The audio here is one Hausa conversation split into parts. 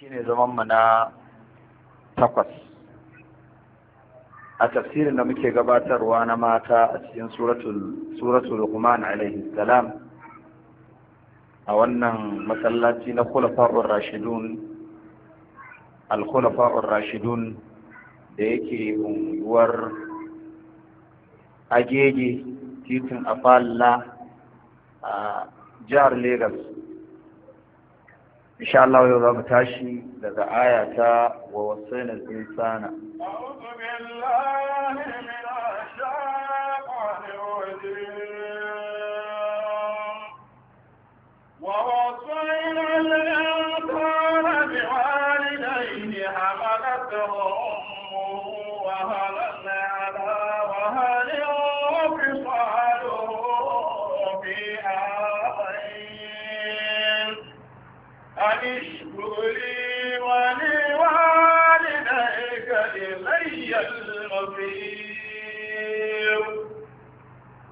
shine zaman mu na takwas a tafsirin da muke gabatarwa na mata a cikin suratul Luqman alaihi salam a wannan masallaci na kulafa'ur Rashidun al Rashidun da yake unguwar Agege titin Afalla a jihar Legas insha Allah yau za mu tashi daga aya ta wa wasaina insana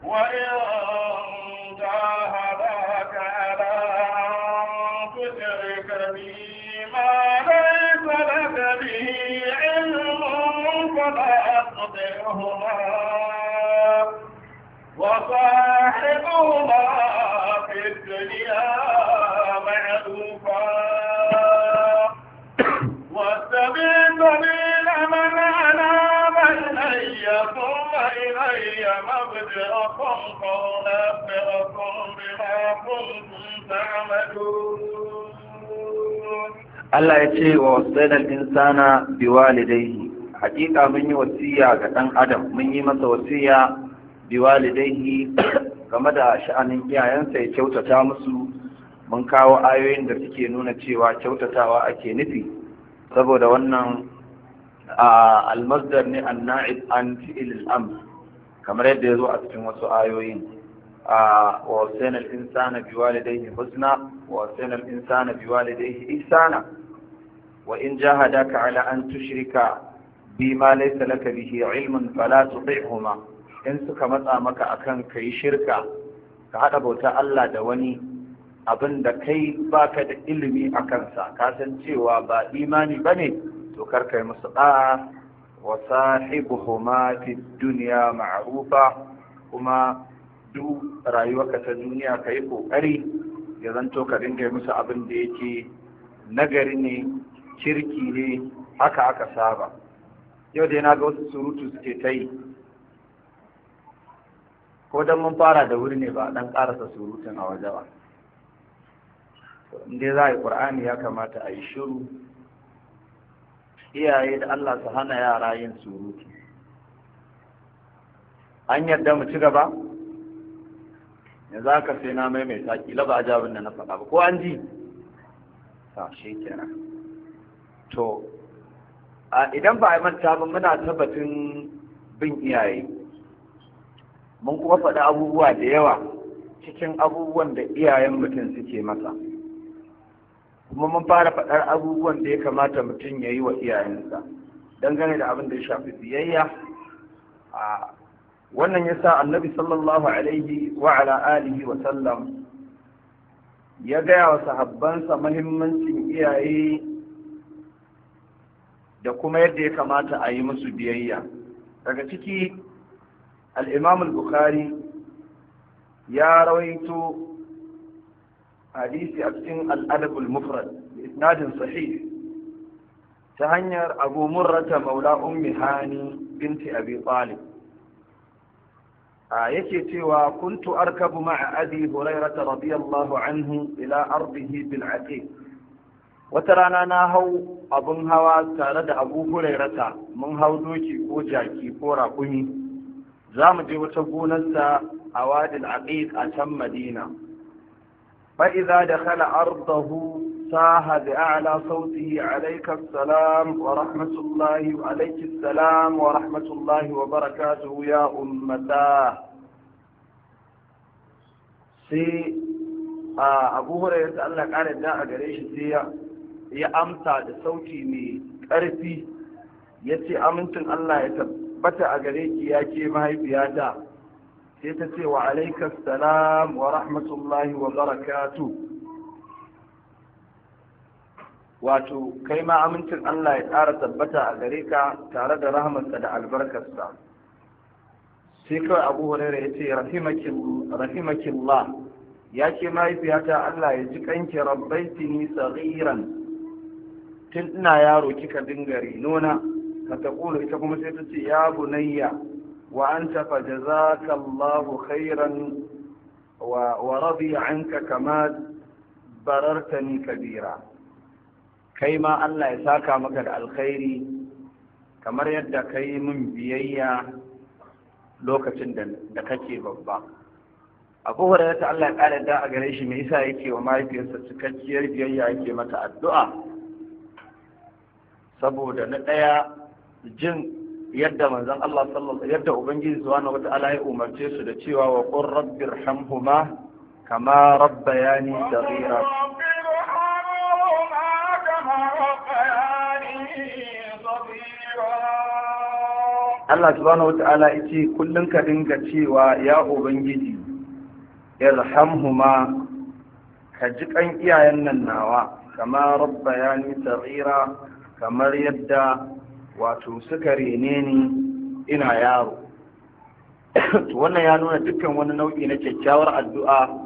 وإن جاهداك على أن تشرك بي ما ليس لك به علم فلا تطعهما وصاحبهما في الدنيا بما كنتم تعملون Allah ya ce wa wasaidar insana biwalidaihi hakika mun yi wasiya ga ɗan adam mun yi masa wasiya yi game da sha'anin iyayensa ya kyautata musu mun kawo ayoyin da suke nuna cewa kyautatawa ake nufi saboda wannan almazdar ne an na'id an fi'il al'amr kamar yadda ya zo a cikin wasu ayoyin a wasainal insana biwalidayhi husna wa wasainal insana biwalidayhi ihsana wa in jahadaka ala an tushrika bima laysa laka bihi ilmun fala tuti'huma in suka matsa maka akan yi shirka ka hada bauta Allah da wani abin da kai baka da ilimi a kansa ka san cewa ba imani bane to kar kai musu ba. وصاحبهما في الدنيا معروفة كما duk rayuwarka ta duniya ka yi ƙoƙari ya zanto ka yi musu abin da yake nagari ne kirki ne haka aka saba yau dai na ga wasu surutu suke ta yi ko don mun fara da wuri ne ba ɗan ƙarasa surutun a waje ba in dai za a yi ƙur'ani ya kamata a yi shiru iyaye da Allah su hana yara yin surutu an yadda mu ci gaba ya za ka sai na maimaita kila ba a jabin da na faɗa ba ko an ji ta shi kenan to idan ba a manta ba muna tabbatin bin iyaye mun kuma faɗi abubuwa da yawa cikin abubuwan da iyayen mutum suke masa kuma mun fara faɗar abubuwan da ya kamata mutum ya yi wa iyayensa dangane da abin da ya shafi biyayya a wannan ya sa annabi sallallahu alaihi wa ala alihi wa sallam ya gaya wa sahabbansa mahimmancin iyaye da kuma yadda ya kamata a yi musu biyayya daga ciki Al'imamul al-bukhari ya rawaito hadisi a cikin al'adabul mufrad isnadin sahih ta hanyar abu murrata maula ummi hani binti abi talib a yake cewa kuntu arkabu ma'a abi hurairata radiyallahu anhu ila ardihi bil aqiq wata rana na hau abin hawa tare da abu hurairata mun hau doki ko jaki ko raƙumi za mu je wata gonarsa a wadin aqiq a can madina فإذا دخل أرضه ساه بأعلى صوته عليك السلام ورحمة الله وعليك السلام ورحمة الله وبركاته يا أمتاه sai abu hura ya Allah ƙara da a shi ya amsa da sauti mai ƙarfi yace ce amincin Allah ya tabbata a gare ki ya ke mahaifiyata sai ta ce wa alaikas salam wa rahmatullahi wa barakatu wato kai ma amincin Allah ya tsara tabbata a gare ka tare da rahmarsa da albarkarsa sai kawai abu rai ya ce rahimakillah ya ce mahaifiyata Allah ya ji kanki yi tsariran tun ina yaro kika dinga nuna ka ta ita kuma sai ta ce ya bunayya وأنت فجزاك الله خيرا ورضي عنك كما بررتني كبيرا كيما الله يساك مكد الخير كما يدى كيم بيئيا لوكة دكتي ببا abu hura ta Allah ƙara da a gare shi me yasa yake wa mahaifiyarsa cikakkiyar biyayya yake mata addu'a saboda na ɗaya jin yadda manzon Allah sallallahu yadda ubangiji subhanahu wata'ala ya umarce su da cewa wa qur rabbirhamhuma kama rabbayani saghira Allah subhanahu wata'ala yace kullun ka dinga cewa ya ubangiji irhamhuma ka ji kan iyayen nan nawa kama rabbayani saghira kamar yadda wato suka rene ni ina yaro wannan ya nuna dukkan wani nau'i na kyakkyawar addu'a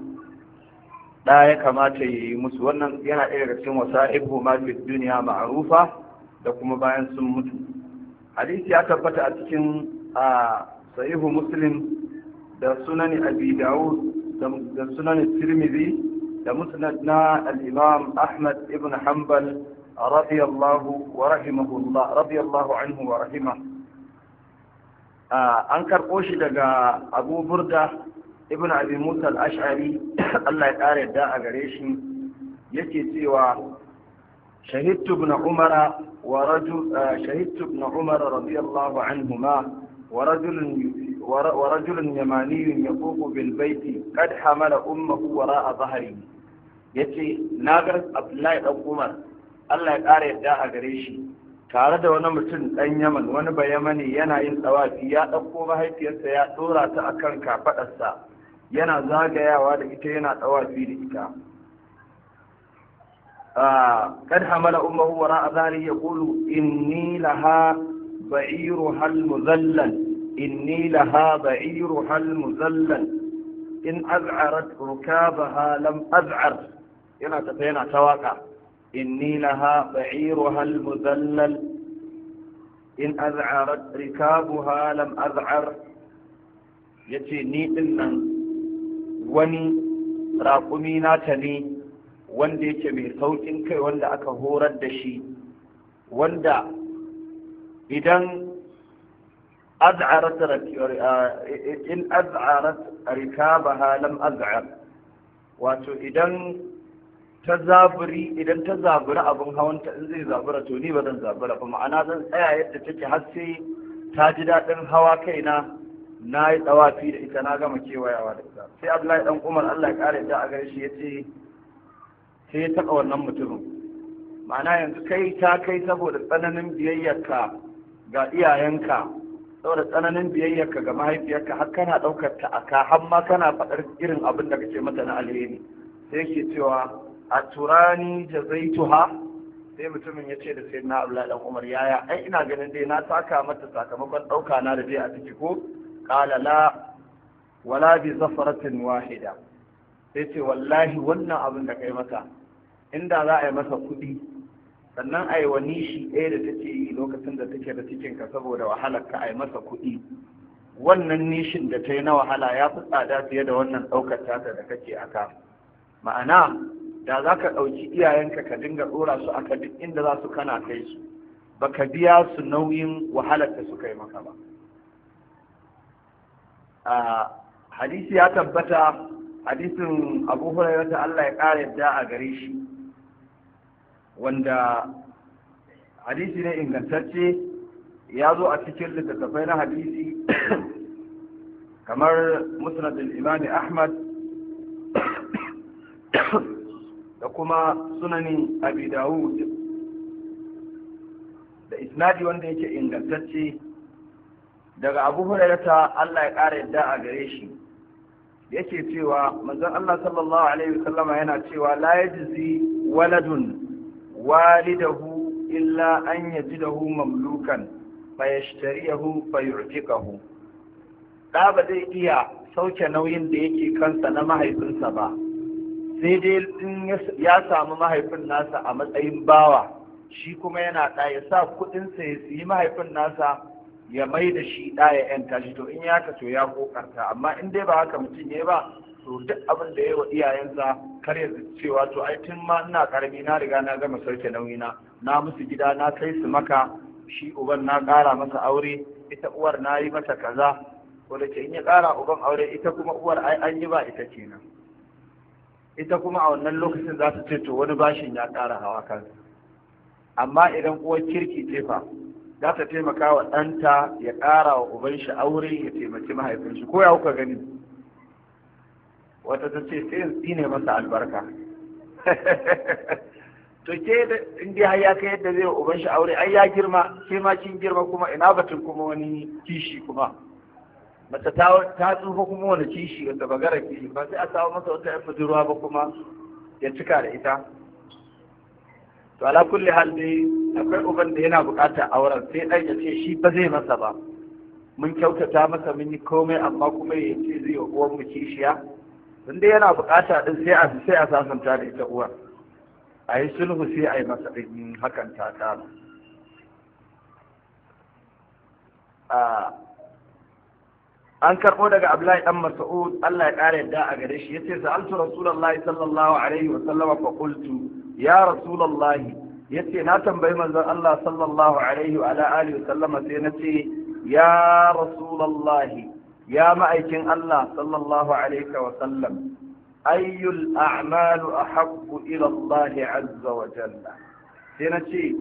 da ya kamata yi musu wannan yana ɗaya daga cikin wasa ibu mafi duniya ma'arufa da kuma bayan sun mutu hadisi ya tabbata a cikin a sahihu muslim da sunani abi da sunani tirmidhi da musnad na al-imam ahmad ibn hanbal رضي الله ورحمه الله رضي الله عنه ورحمه an karɓo shi daga abu burda ibn abi musa al-ash'ari Allah ya ƙara yadda a gare shi yake cewa shahidtu ibn umara wa rajul ah, shahidtu ibn umara radiyallahu anhuma wa rajulun ورجل يماني يطوف بالبيت قد حمل أمه وراء ظهره يتي ناقر عبد الله بن Allah ya ƙara yadda a gare shi tare da wani mutum ɗan yaman wani bayamani yana yin tsawafi ya ɗauko mahaifiyarsa ya ɗora ta akan kafaɗarsa yana zagayawa da ita yana tsawafi da ita kad hamala ummuhu wara ya yaqulu inni laha ba'iru hal muzallal inni laha ba'iru hal muzallal in az'arat rukabaha lam az'ar yana tafe yana tawaka إني لها بعيرها المذلل in az'arat rikabuha lam az'ar yace ni din nan wani raƙumi nata ne wanda yake mai sauƙin kai wanda aka horar da shi wanda idan az'arat in az'arat rikabaha lam az'ar wato idan ta zaburi idan ta zaburi abin hawanta in zai zabura to ni ba zan zabura ba ma'ana zan tsaya yadda take har sai ta ji daɗin hawa kaina na yi tsawafi da ita na gama kewayawa da ita sai abdullahi dan umar allah ya kare da a gare shi ya ce sai ya taɓa wannan mutumin ma'ana yanzu kai ta kai saboda tsananin biyayyarka ga iyayenka saboda tsananin biyayyarka ga mahaifiyarka har kana ɗaukar ta aka har ma kana faɗar irin abin da kake mata na alheri sai yake cewa a turani da zaituha sai mutumin ya ce da sai na abu dan umar yaya ai ina ganin dai na taka mata sakamakon ɗauka na da dai a ciki ko kala la wala bi zafaratin wahida sai ce wallahi wannan abin da kai mata inda za a yi masa kuɗi sannan a yi wa nishi ɗaya da take yi lokacin da take da cikinka saboda wahalar ka a yi masa kuɗi wannan nishin da ta yi na wahala ya fi tsada fiye da wannan ɗaukar tata da kake a ka, ma'ana da za ka ɗauki iyayenka ka dinga ɗora su aka duk inda za su kana kai su ba ka biya su nauyin wahalar da suka yi maka ba a hadisi ya tabbata hadisin abu hurairar ta Allah ya ƙara yadda a gare shi wanda hadisi ne ingantacce ya zo a cikin littattafai na hadisi kamar musnadul imami ahmad da kuma sunani abi dawud da isnadi wanda yake ingantacce daga abu hurairata Allah ya ƙara yadda a gare shi yake cewa manzon Allah sallallahu alaihi wasallama yana cewa la yajzi waladun walidahu illa an yajidahu mamlukan fa fayu'tiqahu da ba zai iya sauke nauyin da yake kansa na mahaifinsa ba sai dai in ya samu mahaifin nasa a matsayin bawa shi kuma yana ɗa ya sa kuɗinsa ya yi mahaifin nasa ya mai da shi ɗa ya ‘yanta shi to in ya ka to ya kokarta amma in dai ba haka mutum ya ba to duk abin da ya wa iyayensa kar ya cewa to ai tun ma ina karami na riga na gama sauke nauyina na na musu gida na kai su maka shi uban na ƙara masa aure ita uwar na yi mata kaza ko da ke in ya kara uban aure ita kuma uwar ai an yi ba ita kenan ita kuma a wannan lokacin za ta ce to wani bashin ya ƙara hawa kansa amma idan uwar kirki ce fa za ta taimaka wa ɗanta ya ƙara wa uban shi aure ya taimaki mahaifin shi ko ya kuka gani wata ta ce sai yi ne masa albarka to ke in dai har ya kai yadda zai wa uban shi aure ai ya girma sai ma kin girma kuma ina batun kuma wani kishi kuma mace ta tsufa kuma wani kishi wanda ba gara kishi ba sai a samu masa wata yan budurwa ba kuma ya cika da ita to ala kulli hal dai akwai uban da yana bukatar auren sai dan ya ce shi ba zai masa ba mun kyautata masa mun yi komai amma kuma ya ce zai yi uwan mu kishiya in dai yana bukata din sai a sai a sasanta da ita uwar a yi sulhu sai a yi masa din hakan ta kama ah, an karɓo daga abdullahi dan mas'ud Allah ya ƙara yadda a gare shi yace sa'altu rasulullahi sallallahu alaihi wa sallama fa qultu ya rasulullahi yace na tambayi manzon Allah sallallahu alaihi wa ala alihi wa sallama sai nace ya rasulullahi ya ma'aikin Allah sallallahu alaihi wa sallam ayyul a'malu ahabbu ila Allah azza wa jalla sai nace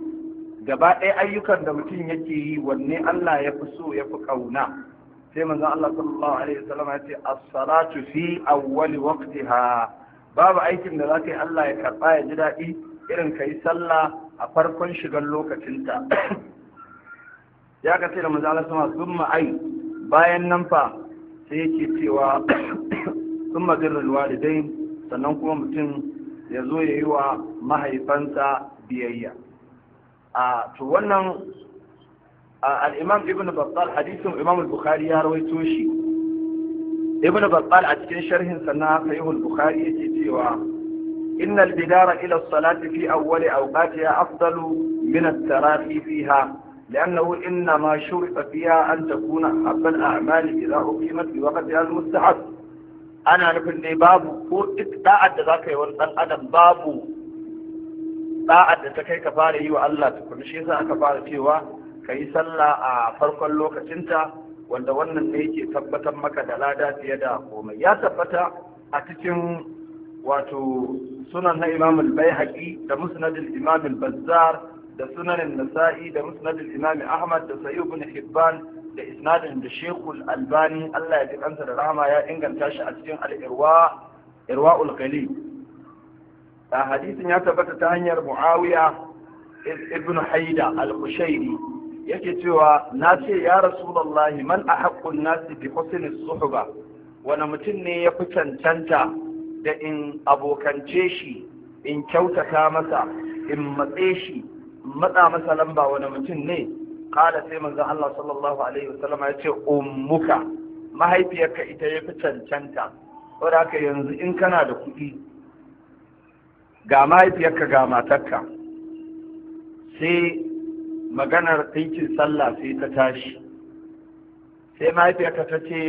gaba ɗaya ayyukan da mutum yake yi wanne Allah ya fi so ya fi ƙauna sai manzon Allah sallallahu alaihi wasallam ya ce as-salatu fi awwali waqtiha babu aikin da zaka yi Allah ya karba ya ji dadi irin kai sallah a farkon shigar lokacinta ya ka da manzon Allah sama summa ai bayan nan fa sai yake cewa summa birrul walidain sannan kuma mutum ya zo ya yi wa mahaifansa biyayya a to wannan آه، الإمام ابن بطال حديثه إمام البخاري يا توشي ابن بطال أتكين شرح سنة فيه البخاري تيتيوا إن البدار إلى الصلاة في أول أوقاتها أفضل من التراخي فيها لأنه إنما شرط فيها أن تكون أحب الأعمال إذا أقيمت في وقتها المستحب أنا نفل باب فور إتقاعد ذاك يوان أدم باب بعد da ta وألا تكون fara yi wa Allah tukun ka yi sallah a farkon lokacinta wanda wannan ne yake tabbatar maka da lada fiye da komai ya tabbata a cikin wato sunan na imam al-baihaqi da musnadin imam al-bazzar da sunan nasa'i da musnadin imam ahmad da sayyid ibn hibban da isnadin da shekul albani Allah ya ji kansa da rahama ya inganta shi a cikin al-irwa irwaul qalil hadisin ya tabbata ta hanyar muawiya ibn haida al-qushairi yake cewa na ce ya rasulullahi man a haƙƙun nasi bi husni suhba wani mutum ne ya fi cancanta da in abokance shi in kyautata masa in matse shi matsa masa lamba wani mutum ne kala sai manzon Allah sallallahu alaihi wasallam ya ce ummuka mahaifiyarka ita ya fi cancanta saboda yanzu in kana da kuɗi ga mahaifiyarka ga matarka sai maganar ɗinkin sallah sai ta tashi sai mahaifiyarta ta ce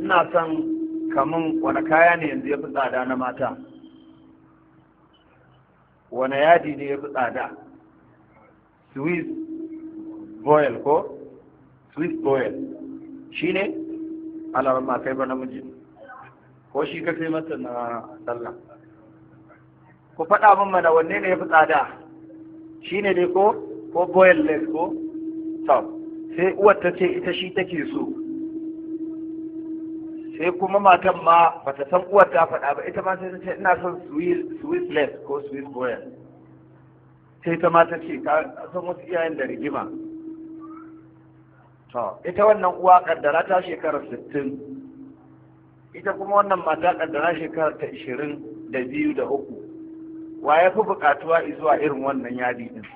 ina son kamun wani kaya ne yanzu ya fi tsada na mata wani yadi ne ya fi tsada swiss boil ko swiss boil shi ne alamar makai ba namiji ko shi ka sai masa na sallah ku faɗa min mana wanne ne ya fi tsada Shi ne ko ko boyan leg ko to sai uwar ta ce ita shi take so sai kuma matan ma ba ta san uwar ta faɗa ba ita ma sai ta ce ina son swiss leg ko swiss boyan sai ta ma ta ce ka san wasu iyayen da rigima to ita wannan uwa kaddara ta shekarar sittin ita kuma wannan mata kaddara shekarar ta ishirin da biyu da uku wa ya fi buƙatuwa zuwa irin wannan yadi din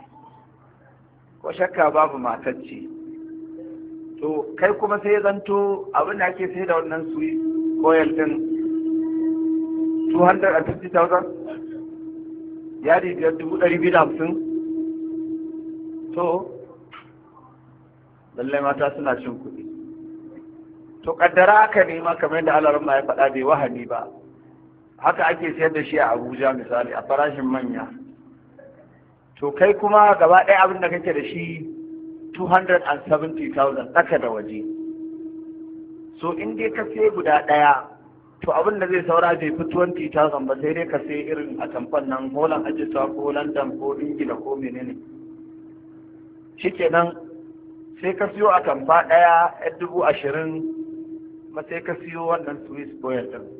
ko shakka babu matacce to kai kuma sai zanto abin da ake sai da wannan su koyar din 250,000 yadi biyar dubu ɗari biyu da hamsin to lallai mata suna cin kuɗi to kaddara aka nema kamar yadda alarin ma ya faɗa bai wahani ba haka ake sayar da shi a abuja misali a farashin manya to kai kuma gaba ɗaya abin da kake da shi 270,000 tsaka da waje so in dai ka sai guda ɗaya to abin da zai saura bai fi 20,000 ba sai dai ka sai irin a tamfan nan holan ajiyar ko london ko ingila ko menene shikenan sai ka siyo a tamfa ɗaya 20,000 ma sai ka siyo wannan swiss boyar ɗin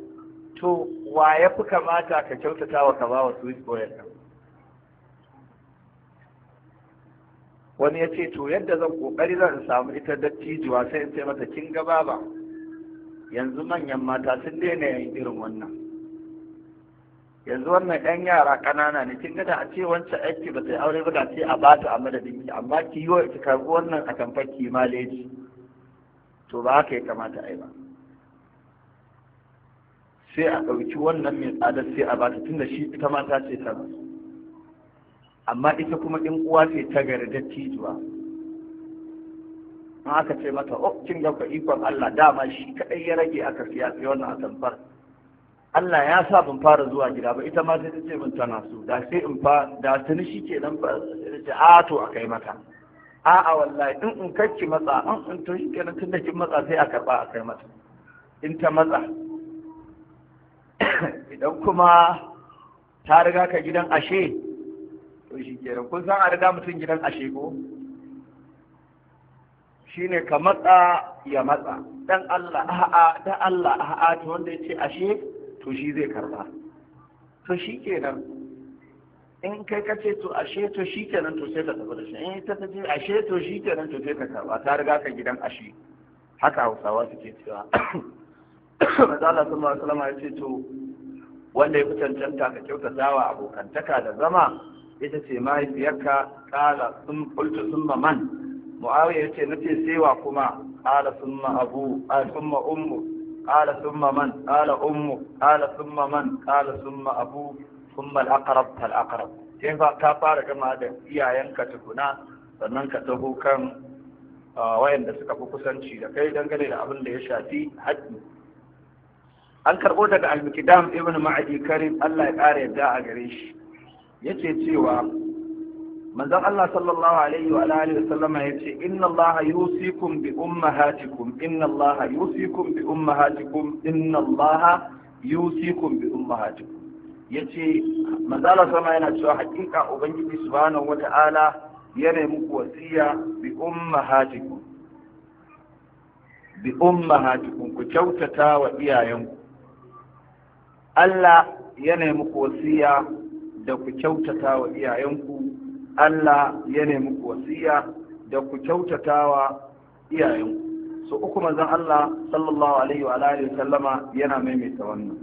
to wa ya fi kamata ka kyautata wa ka ba wa sweet boy wani ya ce to yadda zan kokari zan samu ita dattijuwa sai in ce mata kin ga baba yanzu manyan mata sun daina yin irin wannan yanzu wannan ɗan yara ƙanana ne kin gada a ce wancan aiki ba sai aure ba sai a bata a madadin ki amma ki yi wa ki karbi wannan a kamfan ki ma to ba haka ya kamata yi ba sai a ɗauki wannan mai tsadar sai a bata tunda shi ita ma ta ce ta amma ita kuma in uwa ce ta gari tijuwa in aka ce mata oh kin ga ikon Allah dama shi kadai ya rage aka siya sai wannan atamfar Allah ya sa ban fara zuwa gida ba ita ma sai ta ce min tana su da sai in fa da tuni shi ke nan fa ce a to a kai mata a'a wallahi in in kakki matsa in in to shi kenan tunda kin matsa sai a karba a kai mata in ta matsa idan kuma ta riga ka gidan ashe to shi kenan kun san a riga mutum gidan ashe ko shine ka matsa ya matsa dan Allah a'a dan Allah a'a to wanda yace ashe to shi zai karba to shi kenan in kai ka ce to ashe to shi kenan to sai ka tafi da shi in ita ta ce ashe to shi kenan to sai ka karba ta riga ka gidan ashe haka Hausawa suke cewa manzo Allah sallallahu alaihi wasallam ya ce to wanda ya fi cancanta ka kyautata wa abokantaka da zama ita ce mahaifiyarka kala sun kultu sun man muawiya yace nace sewa kuma kala sun ma abu kala sun ma ummu kala sun ma man kala ummu kala sun ma man kala sun ma abu sun ma aqrab al-aqrab sai ka fara gama da iyayenka tukuna sannan ka taho kan wayanda suka fi kusanci da kai dangane da abin da ya shafi haƙƙi an karɓo daga al ibn ma'adi karim Allah ya ƙara yadda a gare shi yace cewa manzon Allah sallallahu alaihi wa alihi wa sallama yace inna Allah yusikum bi ummahatikum inna Allah yusikum bi ummahatikum inna Allah yusikum bi ummahatikum yace manzala sama yana cewa hakika ubangiji subhanahu wata'ala yana muku wasiya bi ummahatikum bi ummahatikum ku kyautata wa iyayenku Allah na muku wasiya da ku kyautata wa iyayenku Allah yana muku wasiya da ku kyautata wa iyayenku so uku manzon Allah sallallahu alaihi wa alihi sallama yana maimaita wannan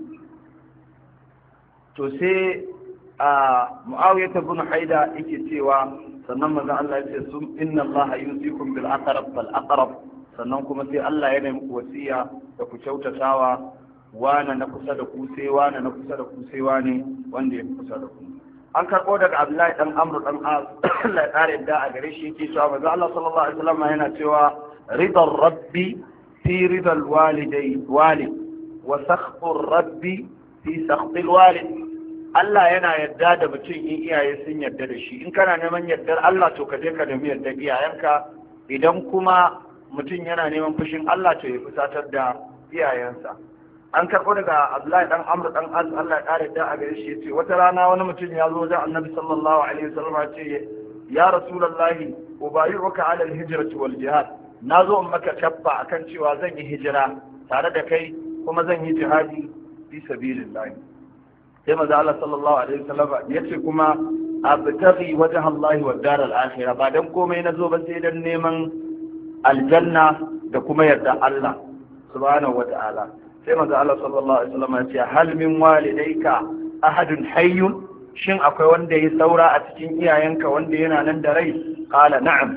to sai a Muawiya ibn Haida yake cewa sannan manzon Allah yace sum inna Allah yusikum bil aqrab fal aqrab sannan kuma sai Allah yana muku wasiya da ku kyautatawa wane na kusa da ku sai wane na kusa da ku sai wane wanda ya kusa da ku an karɓo daga abdullahi dan amru dan as Allah ya ƙara yadda a gare shi yake cewa manzo Allah sallallahu alaihi wasallam yana cewa ridar rabbi fi ridal walidai walid wa sakhtur rabbi fi sakhtil walid Allah yana yadda da mutum in iyaye sun yadda da shi in kana neman yardar Allah to ka je ka nemi yardar iyayenka idan kuma mutum yana neman fushin Allah to ya fusatar da iyayensa an karɓo daga abdullahi dan amr dan allah ya ƙara da a gare shi yace wata rana wani mutum ya zo wajen annabi sallallahu alaihi wasallam ce ya rasulullahi ubayyuka ala alhijrati wal jihad na zo in maka tabba akan cewa zan yi hijira tare da kai kuma zan yi jihadi fi sabilillah sai manzo Allah sallallahu alaihi wasallam ce kuma abtaghi wajha Allah wa dar al-akhirah ba dan komai na zo ba sai dan neman aljanna da kuma yarda Allah subhanahu wa ta'ala sai manzo Allah sallallahu alaihi wasallam ya ce hal min ahadun hayyun shin akwai wanda ya saura a cikin iyayenka wanda yana nan da rai qala na'am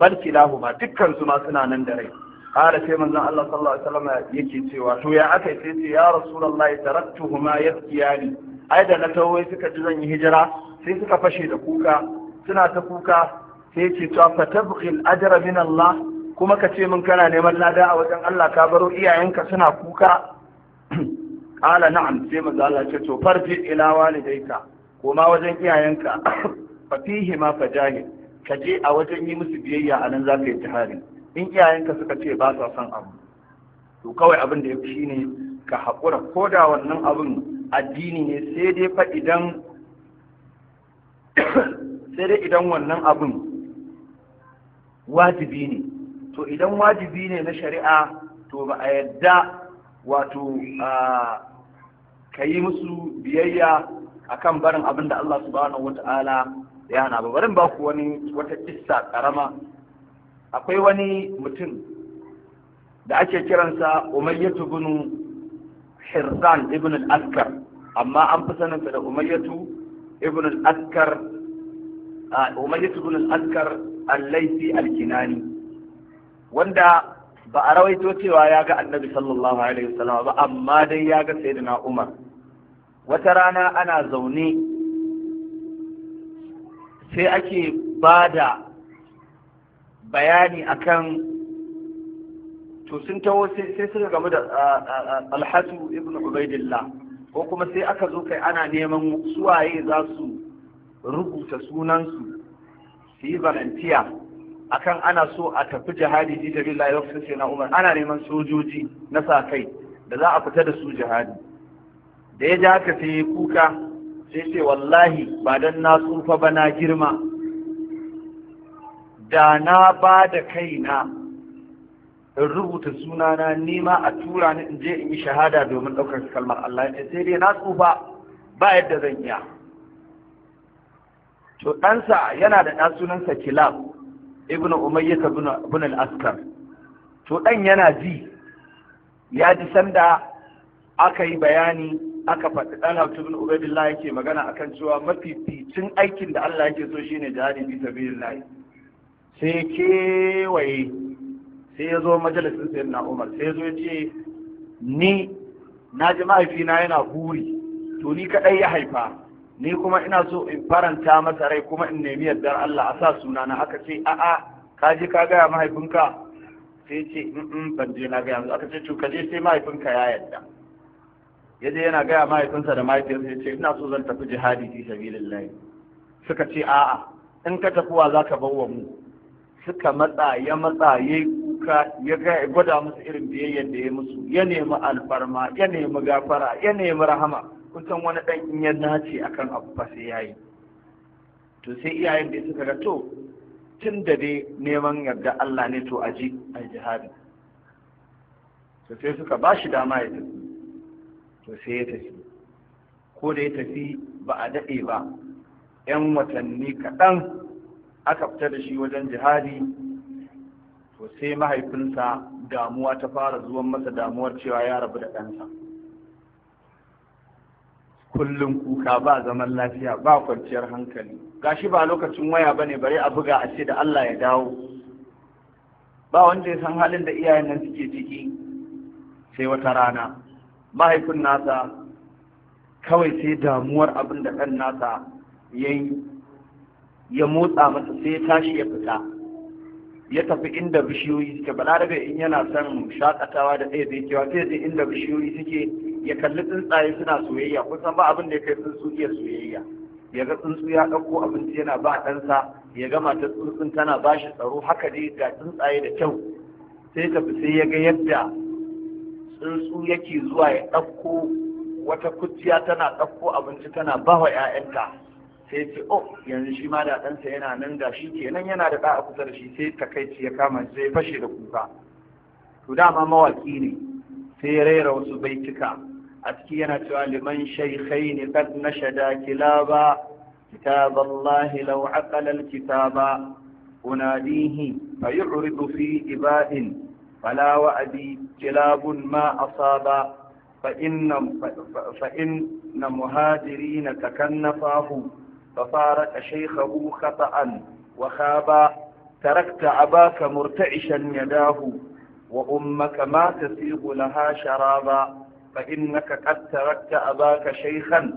bal kilahuma dukkan su ma suna nan da rai qala sai manzo Allah sallallahu alaihi wasallam yake cewa to ya akai sai ce ya rasulullahi taraktuhuma yabkiyani ai da na tawai suka ji zan yi hijira sai suka fashe da kuka suna ta kuka sai ce to fa tabghi al-ajra min Allah kuma ka ce min kana neman lada a wajen Allah ka baro iyayenka suna kuka ala na'am sai manzo Allah ce to farji ila walidayka koma wajen iyayenka fa fihi ma fajahi ka je a wajen yi musu biyayya a nan zaka yi jihari in iyayenka suka ce ba sa son abu to kawai abin da ya shine ka haƙura ko da wannan abin addini ne sai dai fa idan sai dai idan wannan abin wajibi ne to idan wajibi ne na shari'a to ba a yadda wato ka yi musu biyayya a kan barin abin da Allah subhanahu ta'ala ya hana ba barin ba ku wani wata kissa karama akwai wani mutum da ake kiransa umayyatu bin hirzan ibn al-askar amma an fi saninsa da umayyatu ibn al-askar umayyatu bin al-askar al-laythi al-kinani al-askar al al-kinani wanda ba a rawaito cewa ya ga annabi sallallahu alaihi wasallam ba amma dai ya ga sayyidina Umar wata rana ana zaune sai ake ba da bayani akan to sun taho sai suka gamu da alhassu ibn ubaidillah ko kuma sai aka zo kai ana neman suwaye za su rubuta sunansu su yi valantiya akan ana so a tafi jihadi ji da billahi wa sai na umar ana neman sojoji na sa kai da za a fita da su jihadi da ya ja haka sai kuka sai ce wallahi ba dan na tsufa ba na girma da na ba da kaina in rubuta sunana nema a tura ni in je in yi shahada domin ɗaukar kalmar Allah ya sai dai na tsufa ba yadda zan iya to ɗansa yana da ɗan sunansa kilab ibn umayyah ibn al-askar to dan yana ji ya ji sanda aka yi bayani aka faɗi dan hautu bin ubaidillah yake magana akan cewa mafificin aikin da Allah yake so shine jihadi bi sabilillah sai kewaye sai ya zo majalisin sayyidina Umar sai ya zo ya ce ni na ji mahaifina yana buri to ni kaɗai ya haifa ni kuma ina so in faranta masa rai kuma in nemi yardar Allah a sa suna na haka ce a'a ka je ka gaya mahaifinka sai ce in ban je na gaya aka ce to ka je sai mahaifinka ya yarda ya je yana gaya mahaifinsa da mahaifinsa ya ce ina so zan tafi jihadi fi sabilillah suka ce a'a in ka tafi wa zaka wa mu suka matsa ya matsa ya kuka ya gwada musu irin biyayyar da ya musu ya nemi alfarma ya nemi gafara ya nemi rahama Kusan wani ɗan in ya a akan abu fa sai yayi to sai iyayen da suka ga to tun da dai neman yarda Allah ne to aji a jihadi to sai suka ba shi dama ya tafi to sai ya tafi ko da ya tafi ba a daɗe ba 'yan watanni kaɗan aka fita da shi wajen jihadi to sai mahaifinsa damuwa ta fara zuwan masa damuwar cewa ya rabu da ɗansa kullum kuka ba zaman lafiya ba kwanciyar hankali gashi ba lokacin waya bane bare a buga a ce da Allah ya dawo ba wanda ya san halin da iyayen nan suke ciki sai wata rana mahaifin nasa kawai sai damuwar abin da ɗan nasa yi ya motsa masa sai ya tashi ya fita ya tafi inda bishiyoyi suke balarabe in yana son shakatawa da ɗaya zai kewa sai zai inda bishiyoyi suke ya kalli tsuntsaye suna soyayya kusan ba abin da ya kai tsuntsu iya soyayya ya ga tsuntsu ya ɗauko abinci yana ba ɗansa ya ga mata tsuntsun tana ba shi tsaro haka dai ga tsuntsaye da kyau sai fi sai ya ga yadda tsuntsu yake zuwa ya ɗauko wata kuciya tana ɗauko abinci tana ba wa 'ya'yanta sai ce oh yanzu shi ma da ɗansa yana nan da shi kenan yana da ɗa a kusa da shi sai ta takaici ya kama sai ya fashe da kuka to dama mawaƙi ne تيرير وسبيتك أتكينا تؤال من شيخين قد نشدا كلابا كتاب الله لو عقل الكتاب أناديه فيعرض في إباء فلا وأبي كلاب ما أصاب فإن, فإن مهاجرين تكنفاه ففارق شيخه خطأ وخابا تركت أباك مرتعشا يداه وأمك ما تسيغ لها شرابا فإنك قد تركت أباك شيخا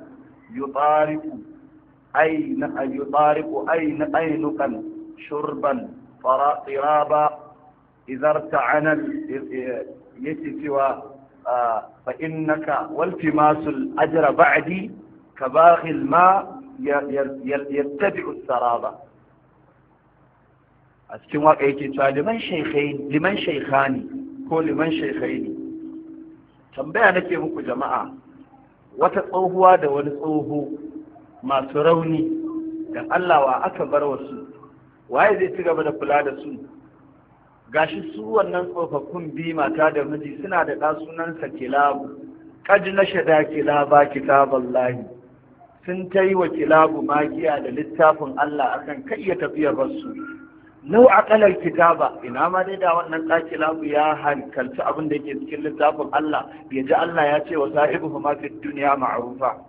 يطارق أين يطارق أين أينقا شربا فراقرابا إذا ارتعن يتسوى آه، فإنك والتماس الأجر بعدي كباغي الماء يتبع السرابة a cikin waka yake cewa liman shaykhain liman shaikhani ko liman shaykhaini tambaya nake muku jama'a wata tsohuwa da wani tsoho masu rauni dan Allah wa aka bar wasu waye zai ci gaba da kula da su gashi su wannan tsofaffin bi mata da miji suna da dasunan sunansa kilabu kad na shada kilaba kitaballahi sun tai wa kilabu magiya da littafin Allah akan kai ya tafiya basu lau aqalal kitaba ina ma dai da wannan daki labu ya hankalci abin da ke cikin littafin Allah ya ji Allah ya ce wa sahibu ma fi duniya ma'rufa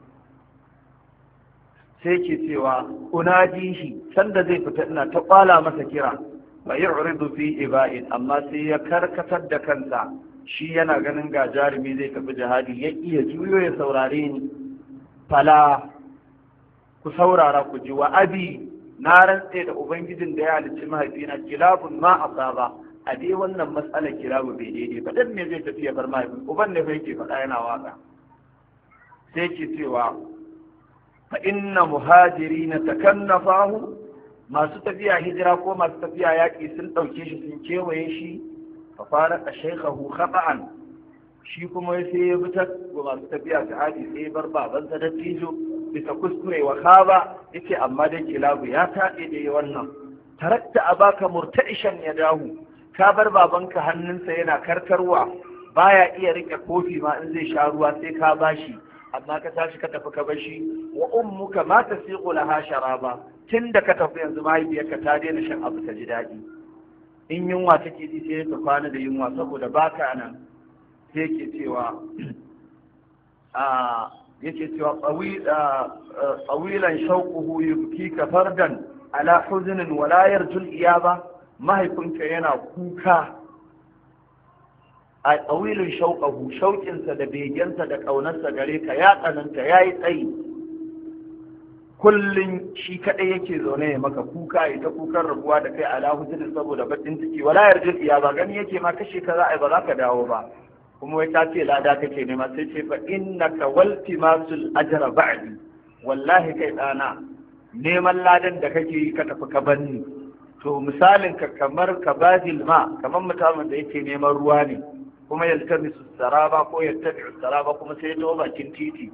sai ke cewa unadihi sanda zai fita ina ta kwala masa kira ba yi fi iba'in amma sai ya karkatar da kansa shi yana ganin ga jarumi zai tafi jihadi ya iya juyo ya saurare ni fala ku saurara ku ji wa abi na rantse da ubangijin da ya halicci mahaifina kilabun ma a saba. a dai wannan matsalar kilabu bai daidai ba dan ne zai tafi ya bar mahaifin uban ne fa yake faɗa yana waka sai ke cewa fa inna muhajirina takannafahu masu tafiya hijira ko masu tafiya yaƙi sun ɗauke shi sun kewaye shi fa fara a shaikahu khata'an shi kuma sai ya fitar ta masu tafiya jihadi sai ya bar babansa dattijo bisa kuskure wa kaba yake amma dai kilabu ya taɗe da wannan tarakta abaka murta'ishan ya dahu ka bar babanka hannunsa yana karkarwa baya iya rike kofi ma in zai sha ruwa sai ka bashi amma ka tashi ka tafi ka bashi wa ummuka ma tasiqu laha sharaba tunda ka tafi yanzu mahaifiyarka ta daina shan abu ta ji daɗi in yunwa take ji sai ka kwana da yunwa saboda baka nan sai ke cewa yake cewa tsawilan shauƙuhu yubki ka fardan ala huzunin wala yarjul iyaba mahaifinka yana kuka a tsawilin shauƙahu shauƙinsa da begensa da ƙaunarsa gare ka ya tsananta ya yi tsayi kullum shi kaɗai yake zaune ya maka kuka ita kukan rabuwa da kai ala huzunin saboda baƙin ciki wala yarjul iyaba gani yake ma kashe ka za a yi ba za ka dawo ba kuma wai ta ce lada kake nema sai ce fa innaka masul ajra ba'di wallahi kai dana neman ladan da kake yi ka tafi ka banni to misalin ka kamar ka bazil ma kamar mutumin da yake neman ruwa ne kuma yaltamisu saraba ko yattabi'u saraba kuma sai ya bakin titi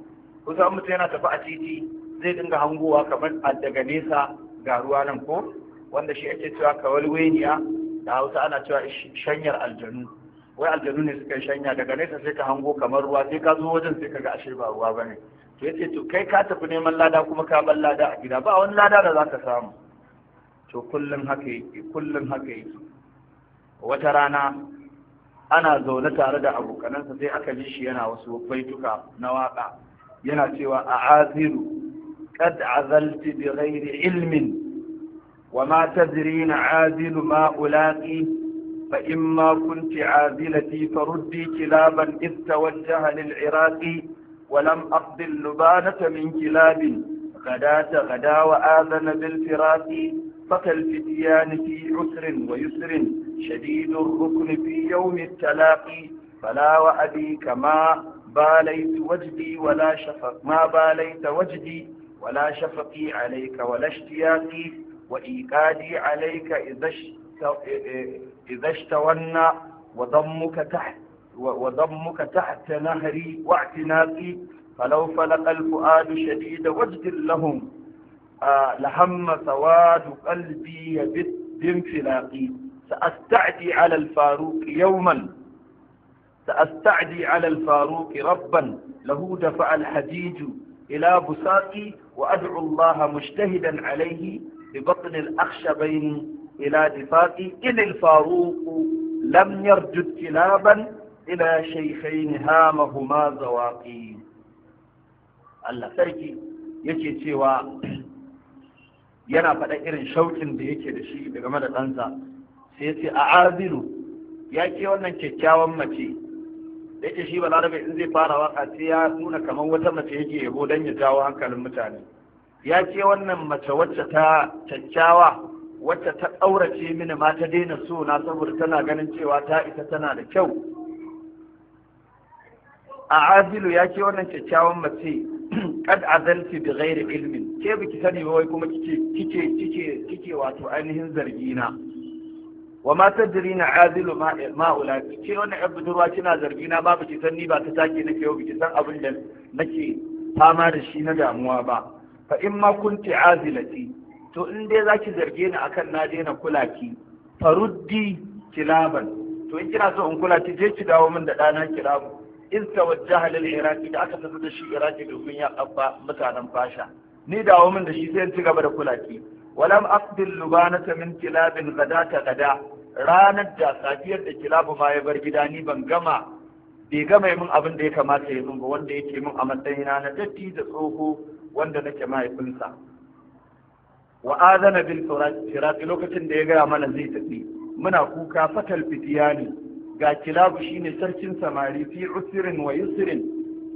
kusa mutum yana tafi a titi zai dinga hangowa kamar a daga nesa ga ruwa nan ko wanda shi ake cewa kawal weniya da hausa ana cewa shanyar aljanu wai aljanu ne suka yi shanya daga nesa sai ka hango kamar ruwa sai ka zo wajen sai ka ga ashe ba ruwa bane to yace to kai ka tafi neman lada kuma ka bar lada a gida ba wani lada da zaka samu to kullum haka yake kullum haka yake wata rana ana zaune tare da abokanansa sai aka ji shi yana wasu baituka na waka yana cewa aziru kad azalti bi ghairi ilmin wa ma tadri na azilu ma ulaqi فإما كنت عازلتي فردي كلابا إذ توجه للعراق ولم أقض اللبانة من كلاب غداة غدا وآذن بالفراق فكالفتيان في عسر ويسر شديد الركن في يوم التلاقي فلا وأبي كما باليت وجدي ولا شفق ما باليت وجدي ولا شفقي عليك ولا اشتياقي وإيقادي عليك إذا إذا اشتونا وضمك تحت وضمك تحت نهري واعتناقي فلو فلق الفؤاد شديد وجد لهم آه لهم سواد قلبي يبت بانفلاقي سأستعدي على الفاروق يوما سأستعدي على الفاروق ربا له دفع الحديد إلى بساقي وأدعو الله مجتهدا عليه ببطن الأخشبين ila difaqi idil faruku lam yarjud kilaban ila shaykhain hamahuma zawaqi Allah sarki yake cewa yana faɗa irin shaukin da yake da shi daga da ɗansa sai a azilu ya ke wannan kyakkyawan mace da yake shi balarabe in zai fara waka sai ya nuna kamar wata mace yake yabo don ya jawo hankalin mutane ya ke wannan mace wacce ta kyakkyawa wacce ta ɗaurace mini ma ta daina so na saboda tana ganin cewa ta ita tana da kyau a azilu ya ke wannan kyakkyawan mace kad azalti bi ghairi ilmin ke biki sani ba wai kuma kike kike kike kike wato ainihin zargi na wa ma tadri na azilu ma ma ula ke wannan yar budurwa kina zargi na ba biki san ni ba ta take nake yau biki san abin da nake fama da shi na damuwa ba fa in ma kunti azilati to in dai zaki zarge ni akan na daina kula ki faruddi kilaban to in kina so in kula ki je ki dawo min da ɗana kilabu in tawajjaha lil iraqi da aka tafi da shi iraqi domin ya abba mutanen fasha ni dawo min da shi sai in ci gaba da kula ki walam aqdil lubanata min kilabin gadata gada ranar da safiyar da kilabu ma ya bar gida ni ban gama bai gama min abin da ya kamata ya min ba wanda yake min a matsayina na datti da tsoho wanda nake mahaifinsa wa azana bil firati lokacin da ya gaya mana zai tafi muna kuka fatal fitiyani ga kilabu shine sarkin samari fi usirin wa yusrin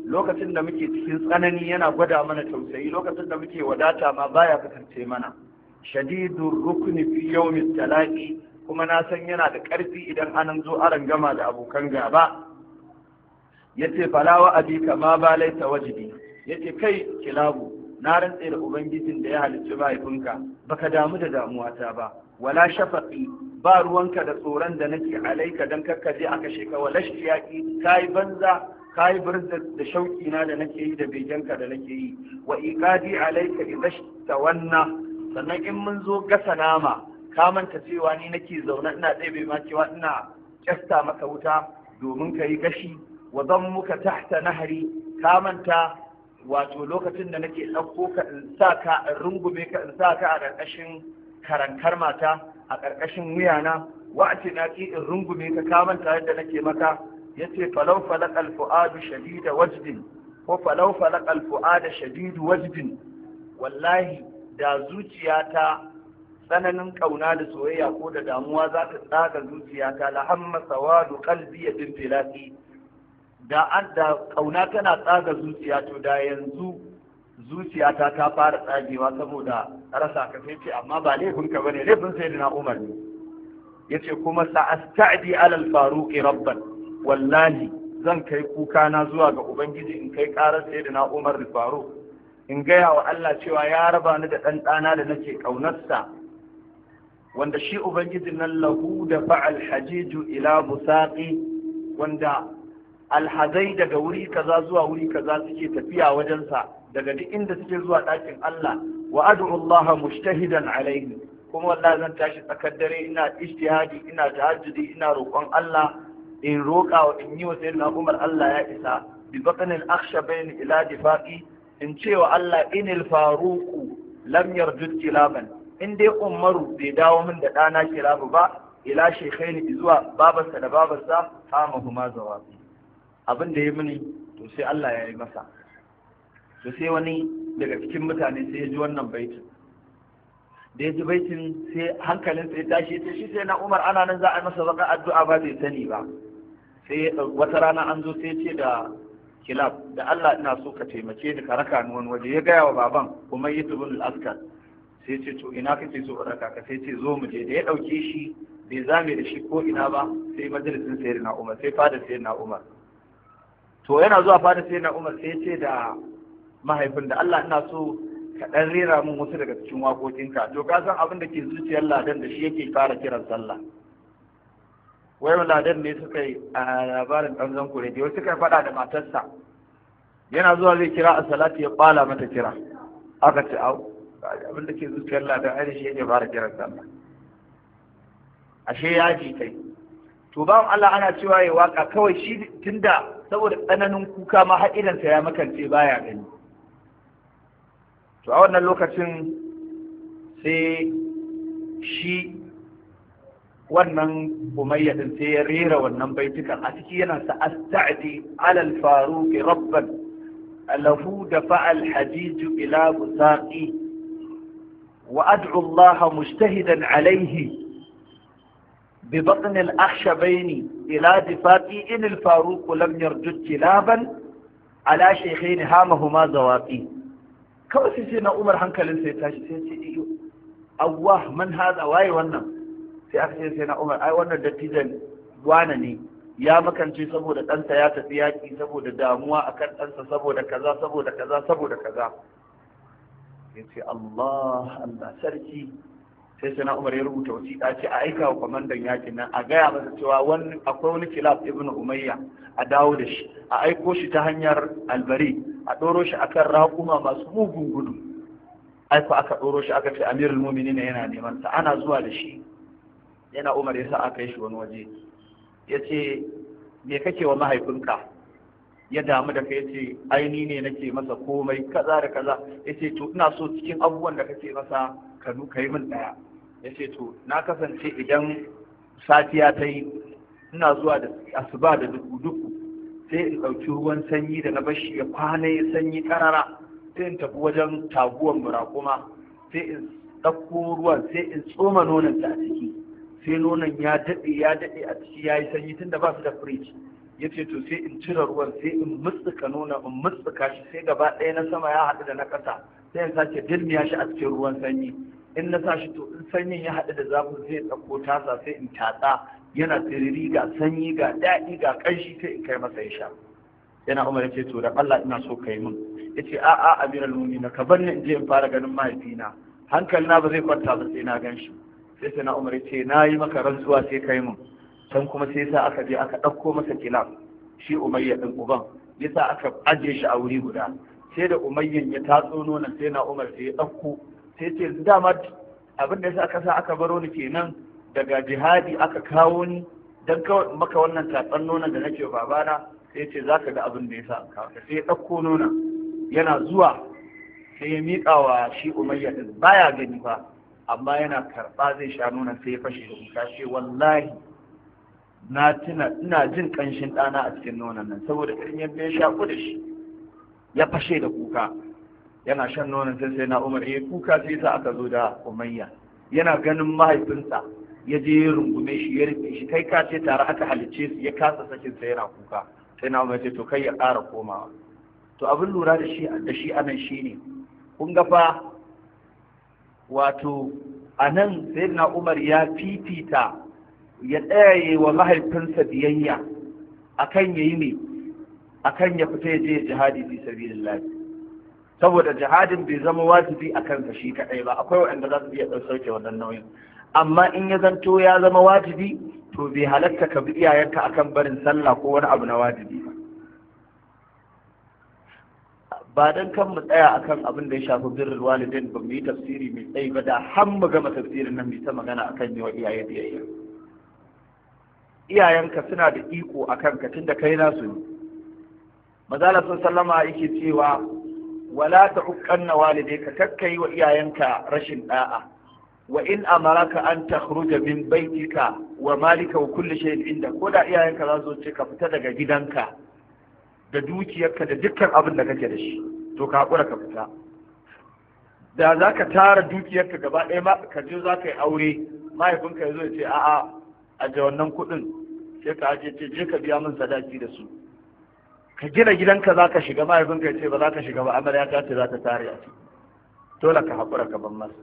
lokacin da muke cikin tsanani yana gwada mana tausayi lokacin da muke wadata ma baya fitarce mana shadidur rukni fi yawmi talaqi kuma na san yana da ƙarfi idan an zo aran gama da abokan gaba yace falawa abi kama ba laita wajibi yace kai kilabu na rantse da ubangijin da ya halicci mahaifinka baka damu da damuwata ba wala shafaqi ba ruwanka da tsoron da nake alaika dan kakka je aka sheka wala shiyaki kai banza kai burda da shauki na da nake yi da begenka da nake yi wa iqadi alaika tawanna sannan in mun zo gasa nama ka manta cewa ni nake zaune ina ɗebe ma cewa ina kyasta maka wuta domin ka gashi wa zan muka tahta nahari ka manta wato lokacin da nake ɗauko ka in sa ka in rungume ka in sa ka a ƙarƙashin karankar mata a ƙarƙashin wuyana wa'ati na ki in rungume ka ka manta yadda nake maka ya ce, falau falaq al shadida wajdin ko falau falaq al fuada shadidu wajibin! wallahi da zuciyata tsananin ƙauna da soyayya ko da damuwa za ta tsaga zuciyata la hamma sawadu qalbi ya bin filati da an da ƙauna tana tsaga zuciya to da yanzu zuciyata ta fara tsagewa saboda rasa ka sai ce amma ba laifin ka bane laifin na Umar ne yace kuma sa'astadi alal faruqi rabban wallahi zan kai kuka na zuwa ga ubangiji in kai karar na Umar faruq in gaya wa Allah cewa ya raba ni da dan dana da nake kaunarsa wanda shi ubangijin nan lahu da fa'al hajiju ila musaqi wanda alhazai daga wuri kaza zuwa wuri kaza suke tafiya wajensa daga duk inda suke zuwa ɗakin Allah wa ad'u Allah mushtahidan alaihi kuma wallahi zan tashi tsakar dare ina ijtihadi ina tahajjudi ina roƙon Allah in roƙa wa in yi wa sayyidina Umar Allah ya isa bi baqanil akhshabain ila difaqi in ce wa Allah inil faruqu lam yarjud kilaban in dai Umaru bai dawo min da ɗana kilabu ba ila shekhaini zuwa babarsa da babarsa kama huma zawabi abin da ya mini to sai Allah ya yi masa to sai wani daga cikin mutane sai ya ji wannan baitin da ya ji baitin sai hankalin sai tashi ya shi sai na Umar ana nan za a masa baka addu'a ba zai sani ba sai wata rana an zo sai ce da kilab da Allah ina so ka taimake ni ka raka ni wani waje ya gaya wa baban kuma yi tubul askar sai ce to ina kake so raka ka sai ce zo mu je da ya dauke shi bai zame da shi ko ina ba sai majalisin sayyidina Umar sai fada sayyidina Umar to yana zuwa fada sai na umar sai ce da mahaifin da Allah ina so ka dan rera min wasu daga cikin waƙoƙinka to ka san abin da ke zuciyar ladan da shi yake fara kiran sallah wai ladan ne suka yi a labarin ɗan zanko da wasu suka faɗa da matarsa yana zuwa zai kira a salati ya bala mata kira aka ce au abin da ke zuciyar ladan ai shi yake fara kiran sallah ashe ya ji kai to ba Allah ana cewa ya waka kawai shi tunda saboda tsananin kuka ma har ya makance baya gani to a wannan lokacin sai shi wannan umayya din sai ya rera wannan baitukan a ciki yana sa'asta'di alal faruq rabban alahu dafa al hajij ila busaqi wa ad'u Allah mujtahidan alaihi ببطن الأخشبين إلى دفاقي إن الفاروق لم يرجد كلابا على شيخين هامهما زواقي كما سيسينا عمر هنكل سيتاشي سيسي أواه من هذا واي ونم سيسينا عمر أي ونم دتيجا وانني ya makance saboda ɗansa ya tafi yaƙi saboda damuwa akan ɗansa saboda kaza saboda kaza saboda kaza ya ce Allah Allah sarki sai na umar ya rubuta wasiƙa ce a aika wa kwamandan yakin nan a gaya masa cewa wani akwai wani kilab Ibn umayya a dawo da shi a aiko shi ta hanyar albari a ɗoro shi akan raƙuma masu mugun gudu aiko aka ɗoro shi aka ce amirul mu'minin yana neman sa ana zuwa da shi yana umar ya sa aka yi shi wani waje ya ce me kake wa mahaifinka ya damu da kai ce aini ne nake masa komai kaza da kaza ya ce to ina so cikin abubuwan da kake masa ka yi min ɗaya ya ce to na kasance idan safiya ta yi ina zuwa da asuba da duku duku sai in ɗauki ruwan sanyi da na bashi ya kwana ya sanyi karara sai in tafi wajen taguwan murakuma sai in ɗauko ruwan sai in tsoma nonon ta a ciki sai nonon ya daɗe ya daɗe a ciki ya yi sanyi tunda ba su da firiji ya ce to sai in cire ruwan sai in mutsuka nonon in mutsuka shi sai gaba ɗaya na sama ya haɗu da na ƙasa sai in sake dirmiya shi a cikin ruwan sanyi in na sa shi to in sanyin ya haɗu da zafin sai ɗauko tasa sai in tatsa yana tsiriri ga sanyi ga daɗi ga ƙanshi sai in kai masa ya sha yana umar ce to da Allah ina so kai min Ya yace a a amiral na, ka bar in je in fara ganin mahaifina hankali na ba zai kwanta ba sai na gan shi sai sai na umar ce na yi maka rantsuwa sai kai min can kuma sai sa aka je aka ɗauko masa kilaf shi umayya ɗin uban sa aka ajiye shi a wuri guda sai da umayyan ya tatso nonon sai na umar sai ya ɗauko sai ce dama abin da yasa aka sa aka baro ni kenan daga jihadi aka kawo ni dan kawai maka wannan tatsan nonon da nake babana sai ce za ka ga abin da ya sa. aka sai ya ɗauko nonon yana zuwa sai ya miƙa wa shi umayya din baya gani ba amma yana karɓa zai sha nonon sai ya fashe da kuka ce wallahi na tuna ina jin ƙanshin ɗana a cikin nonon nan saboda irin yadda ya sha da shi ya fashe da kuka yana shan nonon sai sai na umar ya eh, kuka sai sa aka zo da umayya yana ganin mahaifinsa ya je ya rungume shi ya rufe shi kai ka ce tare aka halicce su ya kasa sakin sa yana kuka sai na umar ce to kai ya ƙara komawa to abin lura da shi da shi anan shine kun ga fa wato anan na umar ya fifita ya tsaye wa mahaifinsa biyayya akan yayi ne akan ya fita ya je jihadi fi sabilillah saboda jihadin bai zama wajibi a kansa shi kaɗai ba akwai waɗanda za su iya ɗan sauke wannan nauyin amma in ya zanto ya zama wajibi to bai halatta ka bi iyayenka akan barin sallah ko wani abu na wajibi ba dan kan mu tsaya akan abin da ya shafi birrul walidin ba mu yi tafsiri mai tsayi ba da har mu gama tafsirin nan mu ta magana akan yi iyaye biyayya iyayenka suna da iko akan ka tunda kai nasu ne mazala sun sallama yake cewa wala ta na walidai ka kakkai wa iyayenka rashin da'a wa in amaraka an takhruja min baitika wa malika wa kulli shay'in inda ko da iyayenka za su ce ka fita daga gidanka da dukiyarka da dukkan abin da kake da shi to ka haƙura ka fita da za ka tara dukiyarka gaba ɗaya ma ka je za ka yi aure mahaifinka ya zo ya ce a'a a wannan kuɗin sai ka ce je ka biya min sadaki da su ka gina gidanka za ka shiga mahaifinka ya ce ba za ka shiga ba amarya ta ce za ta tare a dole ka haƙura ka ban masa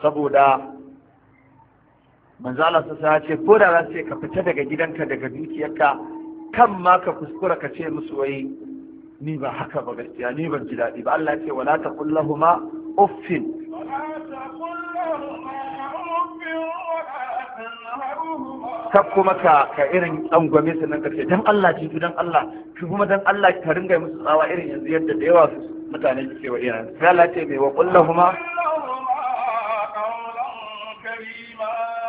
saboda manzala su sa ce ko da za ce ka fita daga gidanka daga dukiyarka kan ma ka kuskura ka ce musu wai ni ba haka ba gaskiya ni ban ji daɗi ba Allah ya ce wala ta kullahuma uffin wala ta kullahuma kaf maka ka irin tsangwame su nan karshe dan Allah ji dan Allah ki kuma dan Allah ka ringa musu tsawa irin yanzu yadda da yawa mutane ke wa ina. sai Allah ce mai wa kullahuma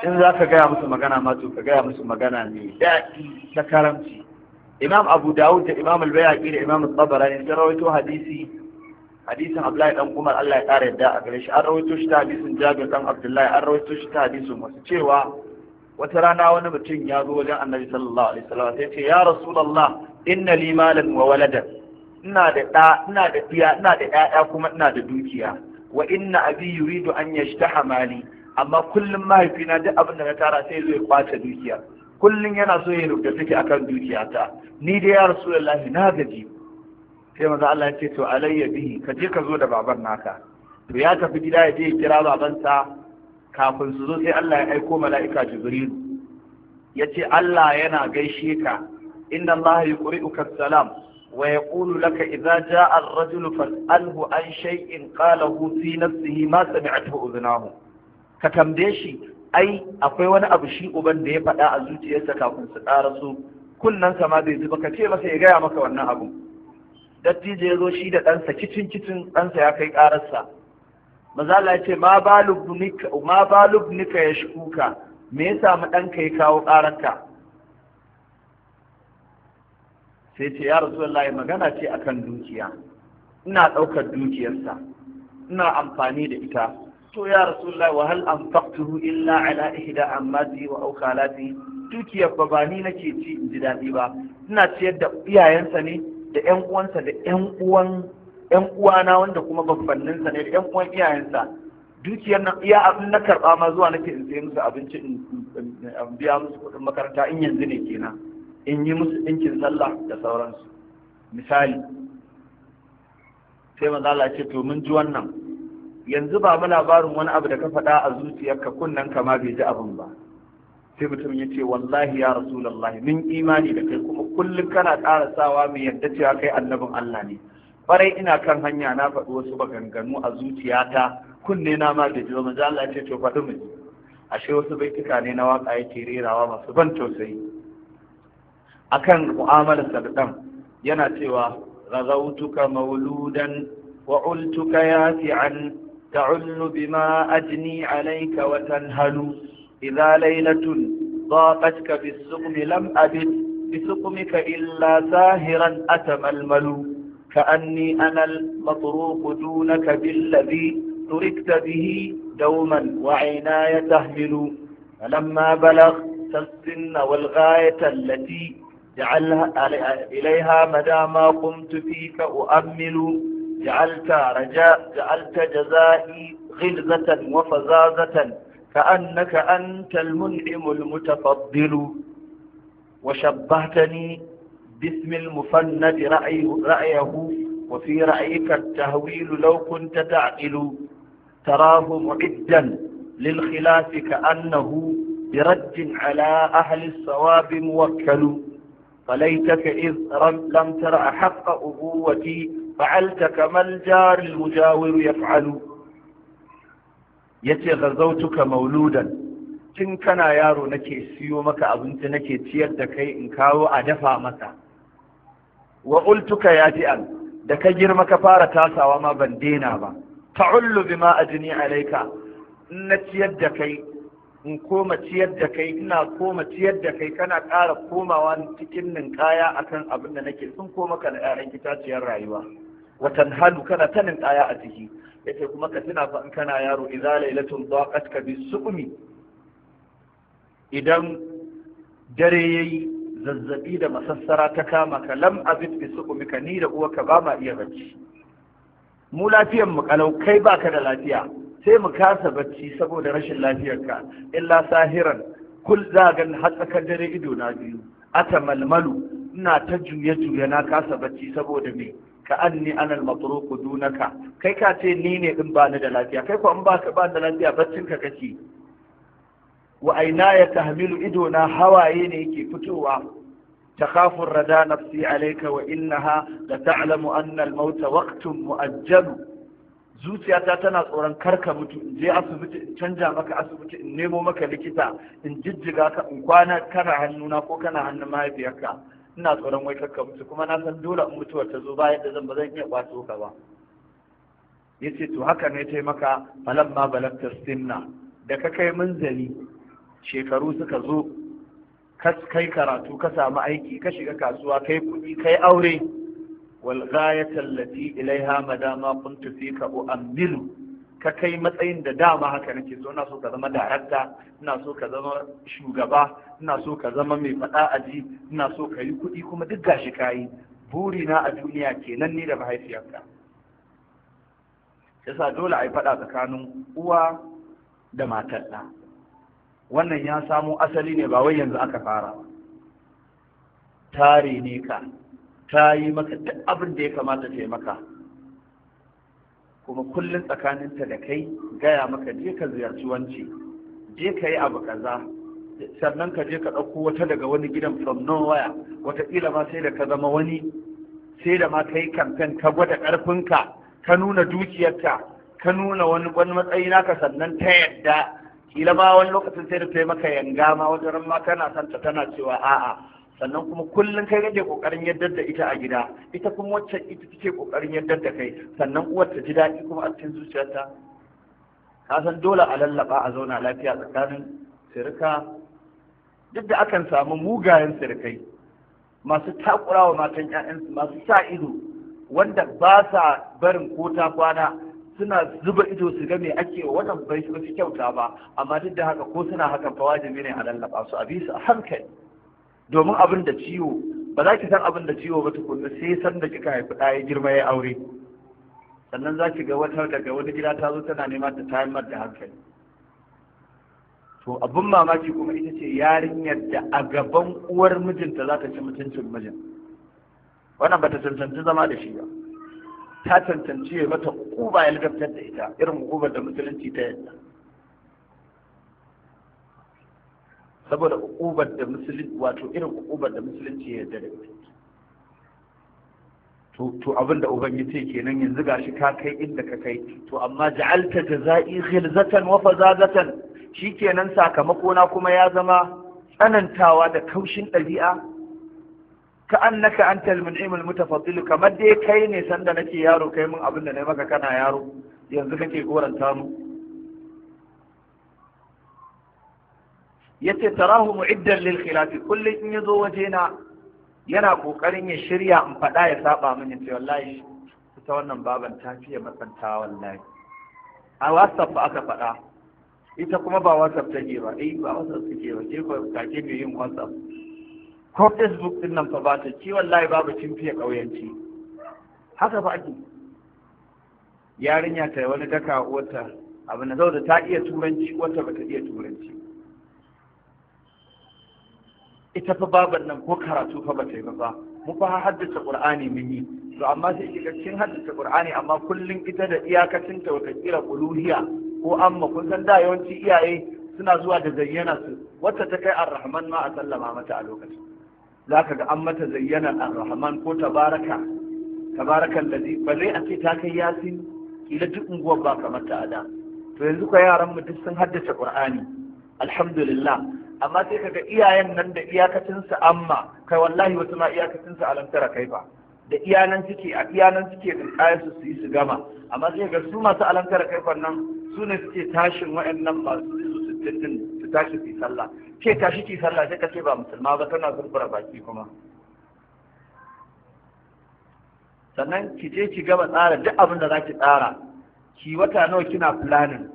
in za ka gaya musu magana ma to ka gaya musu magana ne. daɗi ta karamci imam abu dawud da imam al-bayhaqi da imam al-tabarani sun rawaito hadisi hadisin Abdullahi dan Umar Allah ya kare yadda a gare shi an rawaito shi ta hadisin Jabir dan Abdullahi an rawaito shi ta hadisin Masu cewa wata rana wani mutum ya zo wajen Annabi sallallahu alaihi wasallam sai ce ya Rasulullah inna li malan wa waladan ina da da ina da iya ina da ƴaƴa kuma ina da dukiya wa inna abi yuridu an yashtaha mali amma kullum mahaifina duk abin da na tara sai zai kwace dukiya kullum yana so ya rubuta take akan dukiyata ni dai ya Rasulullah na gaji sai maza Allah ya ce to alayya bihi ka je ka zo da baban naka to ya tafi gida ya je ya kira babansa kafin su zo sai Allah ya aiko mala'ika Jibril ya ce Allah yana gaishe ka inna Allah yuqri'uka salam wa yaqulu laka idza ja'a ar-rajulu fas'alhu an shay'in qalahu fi nafsihi ma sami'athu ka tambaye shi ai akwai wani abu shi uban da ya faɗa a zuciyarsa kafin su ƙara su kunnansa ma bai zuba ka ce masa ya gaya maka wannan abu dattijo ya zo shi da ɗansa kicin kicin ɗansa ya kai ƙararsa mazala ya ce ma balub nika ya kuka me ya samu ɗanka ya kawo ƙararka sai ce ya rasu wallahi magana ce a kan dukiya ina ɗaukar dukiyarsa ina amfani da ita to ya rasu wallahi wa hal an faktuhu illa ala ihda ammati wa aukalati dukiyar ba ba ni nake ci in ji daɗi ba ina ciyar da iyayensa ne da ƴan uwansa da ƴan uwan ƴan uwana wanda kuma babbanninsa ne da ƴan uwan iyayensa dukiyar nan iya abin na karɓa ma zuwa nake in sai musu abinci in biya musu kuɗin makaranta in yanzu ne kenan in yi musu ɗinkin sallah da sauransu misali sai maza Allah ce to mun ji wannan yanzu ba mu labarin wani abu da ka faɗa a zuciyarka kunnen ka ma bai ji abin ba sai mutum ya ce wallahi ya lallahi, min imani da kai kuma kullum kana ƙara sawa mai yadda cewa kai annabin Allah ne farai ina kan hanya na faɗi wasu maganganu a zuciyata kunne na ma da jiwa manzo Allah ce to faɗi ashe wasu baituka ne na waka yake rerawa masu ban tausayi akan mu'amalar sardan yana cewa razautuka mauludan wa ultuka yafi'an ta'ullu bima ajni alayka wa tanhalu إذا ليلة ضاقتك بالسقم لم أبد بسقمك إلا ساهرا أتململ كأني أنا المطروق دونك بالذي تركت به دوما وعيناي تهمل فلما بلغت السن والغاية التي جعلها إليها مدى ما قمت فيك أؤمل جعلت رجاء جعلت جزائي غلزة وفزازة كأنك أنت المنعم المتفضل وشبهتني باسم المفند رأي رأيه وفي رأيك التهويل لو كنت تعقل تراه معدا للخلاف كأنه برد على أهل الصواب موكل فليتك إذ لم ترى حق أبوتي فعلت كما الجار المجاور يفعل yace ghazawtuka mauludan tun kana yaro nake siyo maka abinci nake ciyar da kai in kawo a dafa maka wa ultuka ya fi'al da ka girma ka fara tasawa ma ban daina ba ta'ullu bima ajni alayka in na ciyar da kai in koma ciyar da kai ina koma ciyar da kai kana ƙara komawa cikin ninkaya akan abin da nake sun koma ka da ƴaƴan itaciyar rayuwa watan halu kana ta ninkaya a ciki ce kuma ka tuna fa in kana yaro idza lailatul daqat ka bisubmi idan dare yayi zazzabi da masassara ta kama ka lam abid bisubmi ka ni da uwa ka ba ma iya bacci mu lafiyar mu kalau kai baka da lafiya sai mu kasa bacci saboda rashin lafiyar ka. illa sahiran kul zagan hatsaka dare ido na biyu ata malmalu ina ta juye juye na kasa bacci saboda me ka anni anal matruku dunaka kai ka ce ni ne din ba ni da lafiya kai ko an ba ka ba da lafiya baccin ka kake wa aina ya tahmilu ido na hawaye ne yake fitowa rada تخاف wa نفسي عليك وإنها لتعلم أن الموت وقت مؤجل zuciyata tana tsoron karka mutu in je asibiti in canja maka asibiti in nemo maka likita in jijjiga ka in kwana kana hannuna ko kana hannun mahaifiyarka ina tsoron wai kakka mutu kuma na san dole in mutuwar ta zo ba yadda zan ba iya kwato ka ba yace to haka ne tai maka ma balagta sinna da ka kai munzali shekaru suka zo ka kai karatu ka samu aiki ka shiga kasuwa kai kuɗi kai aure wal ghayata allati ilaiha madama kuntu fika u'ammilu ka kai matsayin da dama haka nake so ina so ka zama darakta ina so ka zama shugaba ina so ka zama mai faɗa ji. ina so ka yi kuɗi kuma duk gashi kayi buri na a duniya kenan ne da mahaifiyarka yasa dole a yi faɗa tsakanin uwa da matar ɗa wannan ya samo asali ne ba wai yanzu aka fara ba tare ne ka ta yi maka duk abin da ya kamata ta yi maka kuma kullum tsakaninta da kai gaya maka je ka ziyarci wance je ka yi abu kaza sannan ka je ka ɗauko wata daga wani gidan from nowhere wataƙila ma sai da ka zama wani sai da ma ka yi kamfen ka gwada ƙarfinka ka nuna dukiyarka ka nuna wani wani matsayi naka sannan ta yadda kila ma wani lokacin sai da ta yi maka yanga ma wajen ma kana son ta tana cewa a'a sannan kuma kullum kai kake kokarin yaddar da ita a gida ita kuma wacce ita take kokarin yaddar da kai sannan uwar ta ji daɗi kuma a cikin zuciyarta ka san dole a lallaba a zauna lafiya tsakanin sirika duk da akan samu mugayen sirkai masu takurawa matan ƴaƴansu masu sa ido wanda ba sa barin ko ta kwana suna zuba ido su ga me ake wa wannan bai su kyauta ba amma duk da haka ko suna hakan fa wajibi ne a lallaba su a bi su a hankali domin abin da ciwo ba za ki san abin da ciwo ba tukunna sai san da kika haifi ɗaya girma ya aure sannan za ki ga wata daga wani gida ta zo tana nema ta tayar da hankali to abin mamaki kuma ita ce yarinyar da a gaban uwar mijinta za ta ci mutuncin mijin wannan ba ta cancanci zama da shi ba ta cancanci ya mata hukuma ya ladabtar da ita irin hukumar da musulunci ta yadda saboda hukumar da musulunci wato irin hukumar da musulunci ya yadda da ita to abin da yace kenan yanzu gashi ka kai inda ka kai to amma ja'alta jazai ghilzatan wa fazazatan Shi shikenan sakamakona kuma ya zama tsanantawa da kaushin ɗabi'a ka annaka antal mun'imul mutafaddil kamar dai kai ne sanda nake yaro kai mun abin da nayi maka kana yaro yanzu kake goranta mu yace tarahu mu'iddan lil khilaf kullu in yazo wajena yana kokarin ya shirya in faɗa ya saba min yace wallahi ita wannan baban ta fiye matsanta wallahi a whatsapp aka faɗa ita kuma ba whatsapp ta ba eh ba whatsapp take ba ke ba kake mai yin whatsapp ko facebook din nan fa ba ta ci wallahi babu cin fiye kauyanci haka fa ake yarinya ta wani daka wata abu na zauna ta iya turanci wata ba ta iya turanci ita fa baban nan ko karatu fa ba ta yi ba mu fa haddace qur'ani mun yi to amma sai kika cin haddace qur'ani amma kullun ita da iyakacinta wata kira uluhiyya ko amma kun san da yawanci iyaye suna zuwa da zayyana su wacce ta kai arrahman ma a sallama mata a lokacin za ka ga an mata zayyana arrahman ko tabaraka tabarakan Ba zai a ce ta kai yasin kila duk unguwar ba kamar ta ada to yanzu ka yaran mu duk sun haddace qur'ani alhamdulillah amma sai kaga iyayen nan da iyakacin su amma kai wallahi wasu ma iyakacin su alantara kai ba da iyanan suke a iyanan suke din su yi su gama amma zai ga su masu alankar kai nan su ne suke tashin wa'annan masu su sittin su tashi fi sallah ke tashi fi sallah sai ka ce ba musulma ba tana zurbura baki kuma sannan ki je ki gaba tsara duk abin da ki tsara ki wata nawa kina planning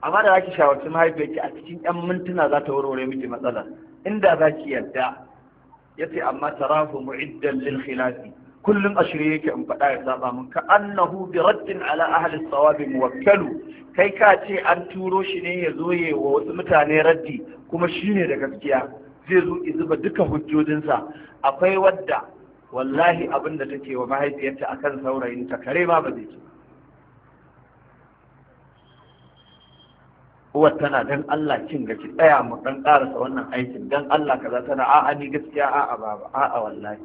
amma da za ki shawarci mahaifiyarki a cikin yan mintuna za ta warware miki matsalar inda ki yarda yace amma tarafu mu'iddan lil khilafi kullum a shirye yake in faɗa ya saba min ka annahu bi raddin ala ahli sawabi muwakkalu kai ka ce an turo shi ne ya zo wa wasu mutane raddi kuma shine da gaskiya zai zo zuba duka hujjojinsa akwai wadda wallahi abin da take wa mahaifiyarta akan saurayin ta kare ma ba zai ci uwar tana dan Allah kin ga ki tsaya mu dan karasa wannan aikin dan Allah kaza tana a'a ni gaskiya a'a baba a'a wallahi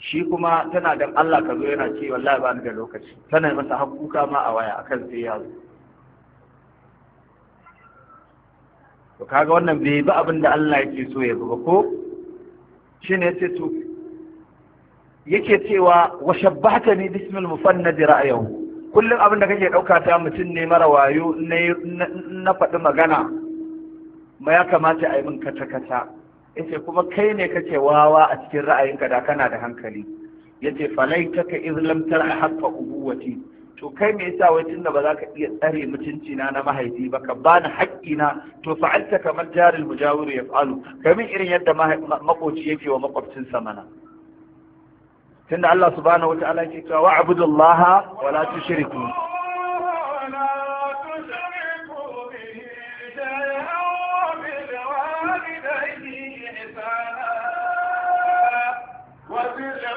shi kuma tana dan Allah ka zo yana ce wallahi ba ni da lokaci tana masa hakuka ma a waya akan sai ya zo to kaga wannan bai bi abin da Allah yake so ya ba ko ne yace to yake cewa wa ni bismil mufannad ra'ayahu kullum abin da kake dauka ta mutum ne mara wayo na faɗi magana ma ya kamata a yi min kata-kata yace kuma kai ne kake wawa a cikin ra'ayinka da kana da hankali yace falaitaka izlam tarha haqqa ubuwati to kai me yasa wai tunda ba za ka iya tsare mutunci na na mahaifi ba ka bani haƙƙi na to fa'alta kamar jaril mujawiru ya fa'alu kamin irin yadda makoci yake wa makwabcinsa mana tunda Allah subhanahu wata'ala yake cewa wa'budullaha wa la tushriku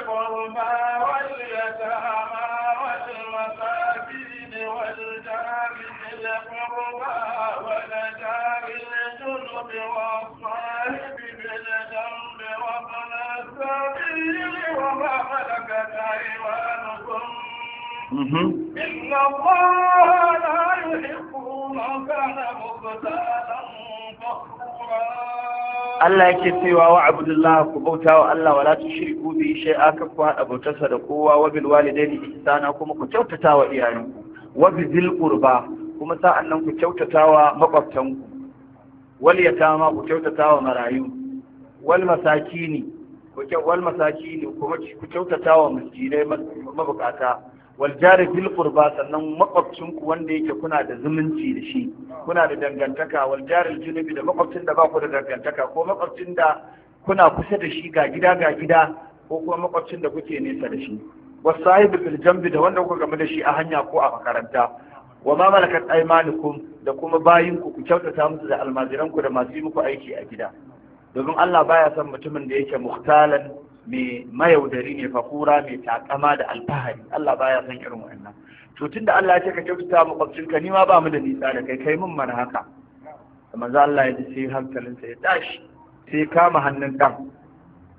القربى واليتامى والمساكين والجار ذي القربى والجار الجنب والصاحب بالجنب وابن السبيل وما ملكت ايمانكم ان الله لا يحب من كان مختالا Allah yake cewa wa abdullah ku bauta wa Allah wala tushriku bi shay'a ka ku hada bautarsa da kowa wa bil walidaini ihsana kuma ku kyautata wa iyayenku wa bil qurba kuma sa'an nan ku kyautata wa makwabtanku wal yatama ku kyautata wa marayu wal masakini ku wal masakini kuma ku kyautata wa miskinai mabukata wal jari bil qurba sannan makwabcin ku wanda yake kuna da zumunci da shi kuna da dangantaka wal jari junubi da makwabcin da ba ku da dangantaka ko makwabcin da kuna kusa da shi ga gida ga gida ko kuma makwabcin da kuke nesa da shi was bil jambi da wanda kuka gamu da shi a hanya ko a makaranta wa ma malakat aymanukum da kuma bayinku ku kyautata musu da almajiranku da masu yi muku aiki a gida domin Allah baya son mutumin da yake muhtalan mai mayaudari ne fakura mai takama da alfahari Allah baya san irin wannan to tunda Allah ya ce ka kyautata makwabcinka ka, ma ba mu da nisa da kai kai mun mana haka manzo Allah ya ji sai sa ya tashi sai ya kama hannun dan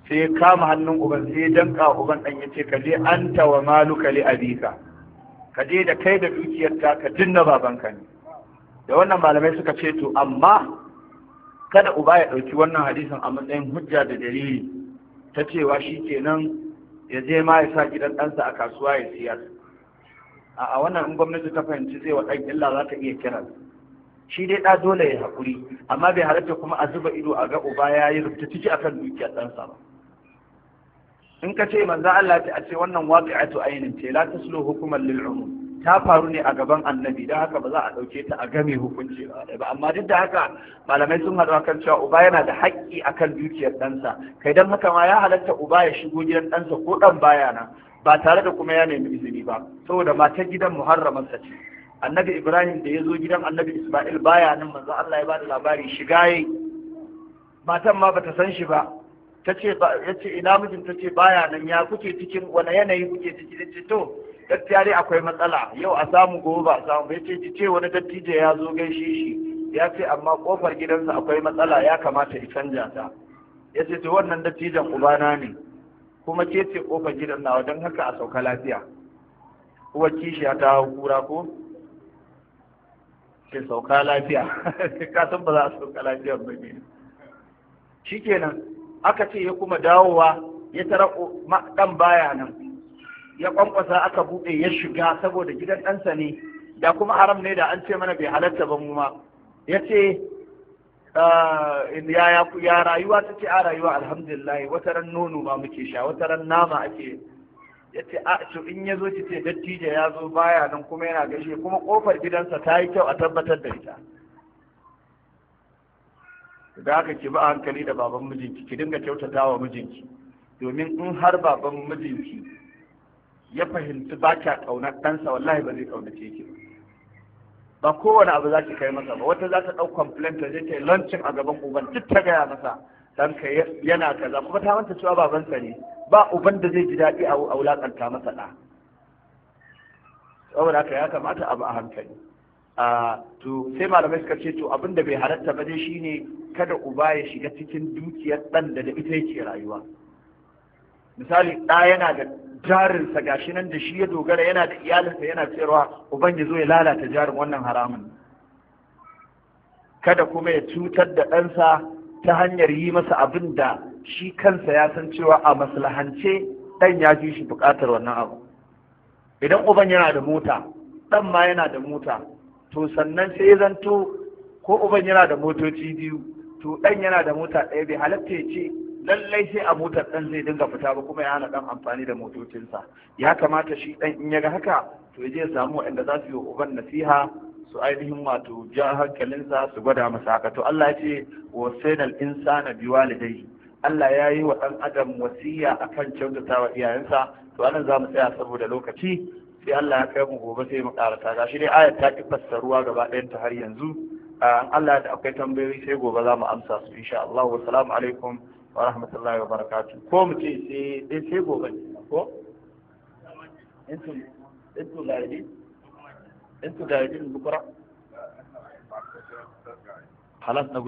sai ya kama hannun uban sai ya danka uban dan ya ce ka je anta wa maluka li abika ka je da kai da dukiyarka ka dinna babanka ne da wannan malamai suka ce to amma kada uba ya ɗauki wannan hadisin a matsayin hujja da dalili ta cewa shi kenan ya je ma ya sa gidan ɗansa a kasuwa ya siyar a wannan in gwamnati ta fahimci zai wa ɗan illa za ta iya kira shi dai ɗa dole ya haƙuri amma bai halatta kuma a zuba ido a ga uba ya yi rubuta ciki akan dukiyar ɗansa ba in ka ce manzo Allah a ce wannan waqi'atu ainin ce la ta hukuman lil umum ta faru ne a gaban annabi don haka ba za a ɗauke ta a game hukunci ba amma duk da haka malamai sun haɗu akan cewa uba yana da haƙƙi a kan dukiyar ɗansa kai don haka ma ya halatta uba ya shigo gidan ɗansa ko ɗan baya nan ba tare da kuma ya nemi izini ba saboda matar gidan muharramarsa ce annabi ibrahim da ya zo gidan annabi isma'il baya nan manzo allah ya bada labari shiga yi matan ma bata san shi ba ta ce ina mijin ta ce baya nan ya kuke cikin wani yanayi kuke ciki ce to gaskiya dai akwai matsala yau a samu gobe ba a samu bai ce ce wani dattijo ya zo gaishe shi ya ce amma kofar gidansa akwai matsala ya kamata ya canja ta ya ce to wannan dattijan ubana ne kuma ke ce kofar gidan nawa don haka a sauka lafiya uwar kishiya ta kura ko ke sauka lafiya ka san ba za a sauka lafiya ba ne shikenan aka ce ya kuma dawowa ya tara dan baya nan ya kwankwasa aka buɗe ya shiga saboda gidan ɗansa ne da kuma haram ne da an ce mana bai halatta ba mu ma ya ce ah, ya rayuwa ta ce a rayuwa alhamdulillah wata ran nono ma muke sha wata ran nama ake ya ce a to in ya zo ki ce dattijo ya zo baya nan kuma yana gaishe kuma kofar gidansa ta yi kyau a tabbatar da ita da haka ki ba hankali da baban mijinki ki dinga kyautatawa mijinki domin in har baban mijinki ya fahimci ba kya ƙaunar ɗansa wallahi ba zai ƙaunace ki ba kowane abu za ki kai masa ba wata za ta ɗau complaint ta je ta yi a gaban uban duk ta gaya masa ka yana kaza kuma ta manta cewa babansa ne ba uban da zai ji daɗi a wulaƙanta masa ɗa saboda haka ya kamata abu a hankali to sai malamai suka ce to abin da bai halatta ba dai shine kada uba ya shiga cikin dukiyar ɗan da da ita yake rayuwa misali ɗa yana da jarinsa gashi nan da shi ya dogara yana da iyalinsa yana cewa uban ya zo ya lalata jarin wannan haramun kada kuma ya cutar da ɗansa ta hanyar yi masa abin da shi kansa ya san cewa a maslahance ɗan ya ji shi buƙatar wannan abu idan uban yana da mota ɗan ma yana da mota to sannan sai ya zanto ko uban yana da motoci biyu to ɗan yana da mota ɗaya bai halatta ya ce lallai sai a motar ɗan zai dinga fita ba kuma ya hana ɗan amfani da motocinsa ya kamata shi ɗan in ya ga haka to ya je ya samu waɗanda za su yi uban nasiha su ainihin wato ja hankalinsa su gwada masa haka to Allah ya ce wa sainal insana walidai Allah ya yi wa ɗan adam wasiya akan kyautata wa iyayensa to anan za mu tsaya saboda lokaci sai Allah ya kai mu gobe sai mu karata gashi dai ayat ta ki ruwa gaba ɗayan ta har yanzu ah, Allah da akwai tambayoyi sai gobe za mu amsa su insha Allah wa salamu alaikum wa rahmatullahi wa barakatuh ko mu ce sai dai sai gobe ko laidi laidi bukura halas na